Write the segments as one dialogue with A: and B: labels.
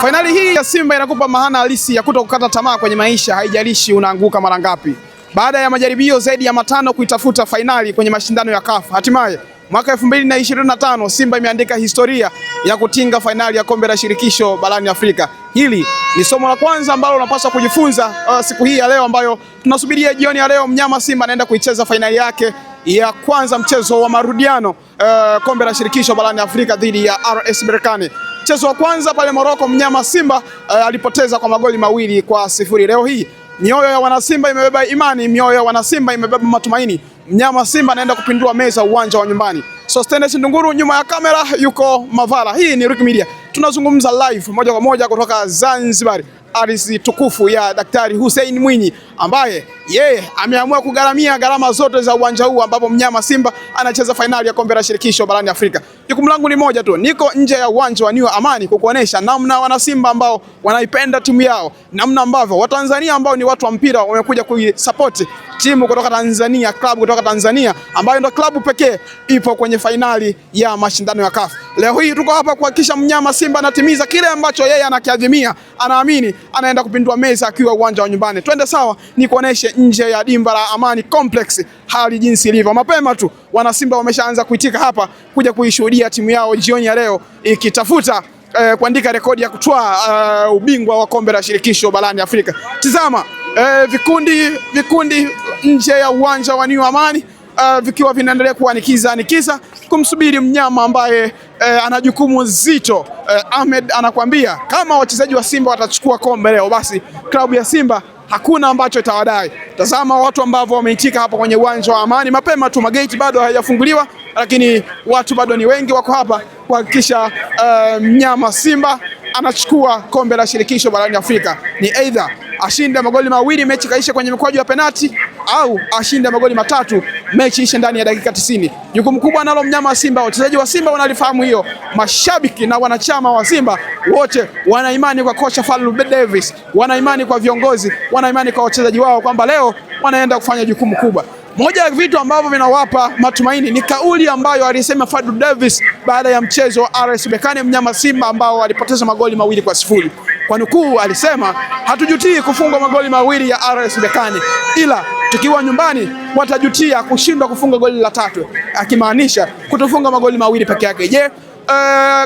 A: Fainali hii ya Simba inakupa maana halisi ya kuto kukata tamaa kwenye maisha, haijalishi unaanguka mara ngapi. Baada ya majaribio zaidi ya matano kuitafuta fainali kwenye mashindano ya CAF, hatimaye mwaka 2025 Simba imeandika historia ya kutinga fainali ya kombe la shirikisho barani Afrika. Hili ni somo la kwanza ambalo unapaswa kujifunza uh, siku hii ya leo ambayo tunasubiria jioni ya leo, mnyama Simba anaenda kuicheza fainali yake ya kwanza, mchezo wa marudiano uh, kombe la shirikisho barani Afrika dhidi ya RS Berkane mchezo wa kwanza pale Moroko mnyama Simba uh, alipoteza kwa magoli mawili kwa sifuri. Leo hii mioyo ya wanasimba imebeba imani, mioyo ya wanasimba imebeba matumaini. Mnyama Simba anaenda kupindua meza uwanja wa nyumbani. Sostenes Ndunguru nyuma ya kamera yuko Mavala. Hii ni Rick Media, tunazungumza live moja kwa moja kutoka Zanzibar, ardhi tukufu ya Daktari Hussein Mwinyi ambaye yeye yeah, ameamua kugharamia gharama zote za uwanja huu ambapo mnyama Simba anacheza fainali ya kombe la shirikisho barani Afrika. Jukumu langu ni moja tu, niko nje ya uwanja wa New Amani kukuonesha namna wana Simba ambao wanaipenda timu yao, namna ambavyo Watanzania ambao ni watu wa mpira wamekuja kuisupport timu kutoka Tanzania, klabu kutoka Tanzania ambayo ndio klabu pekee ipo kwenye fainali ya mashindano ya CAF. Leo hii tuko hapa kuhakikisha mnyama Simba anatimiza kile ambacho yeye anakiadhimia, anaamini anaenda kupindua meza akiwa uwanja wa nyumbani. Twende sawa, nikuoneshe nje ya dimba la Amani Complex, hali jinsi ilivyo. Mapema tu wanasimba wameshaanza kuitika hapa kuja kuishuhudia timu yao jioni ya leo ikitafuta eh, kuandika rekodi ya kutwaa eh, ubingwa wa kombe la shirikisho barani Afrika. Tizama eh, vikundi vikundi nje ya uwanja wa New Amani Uh, vikiwa vinaendelea kuanikiza anikiza kumsubiri mnyama ambaye uh, ana jukumu zito uh, Ahmed anakuambia kama wachezaji wa Simba watachukua kombe leo, basi klabu ya Simba hakuna ambacho itawadai. Tazama watu ambao wameitika hapa kwenye uwanja wa Amani mapema tu, mageti bado hayajafunguliwa, lakini watu bado ni wengi, wako hapa kuhakikisha eh, mnyama Simba anachukua kombe la shirikisho barani Afrika. Ni aidha ashinde magoli mawili mechi kaisha kwenye mikwaju ya penati, au ashinde magoli matatu mechi ishe ndani ya dakika 90. Jukumu kubwa nalo mnyama wa Simba, wachezaji wa Simba wanalifahamu hiyo, mashabiki na wanachama wa Simba wote wanaimani kwa kocha Fadlu Davis, imani kwa viongozi, imani kwa wachezaji wao kwamba leo wanaenda kufanya jukumu kubwa. Moja ya vitu ambavyo vinawapa matumaini ni kauli ambayo alisema Fadlu Davis baada ya mchezo wa RS Berkane mnyama Simba ambao walipoteza magoli mawili kwa sifuri. Kwa nukuu, alisema hatujutii kufungwa magoli mawili ya RS Berkane ila tukiwa nyumbani watajutia kushindwa kufunga goli la tatu, akimaanisha kutofunga magoli mawili peke yake. Je, uh,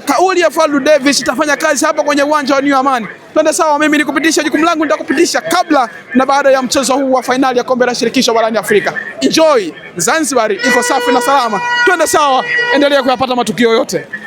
A: kauli ya Fadlu Davis itafanya kazi hapa kwenye uwanja wa New Amani? Twende sawa, mimi nikupitisha jukumu langu, nitakupitisha kabla na baada ya mchezo huu wa fainali ya kombe la shirikisho barani Afrika. Enjoy. Zanzibar iko safi na salama. Twende sawa, endelea kuyapata matukio yote.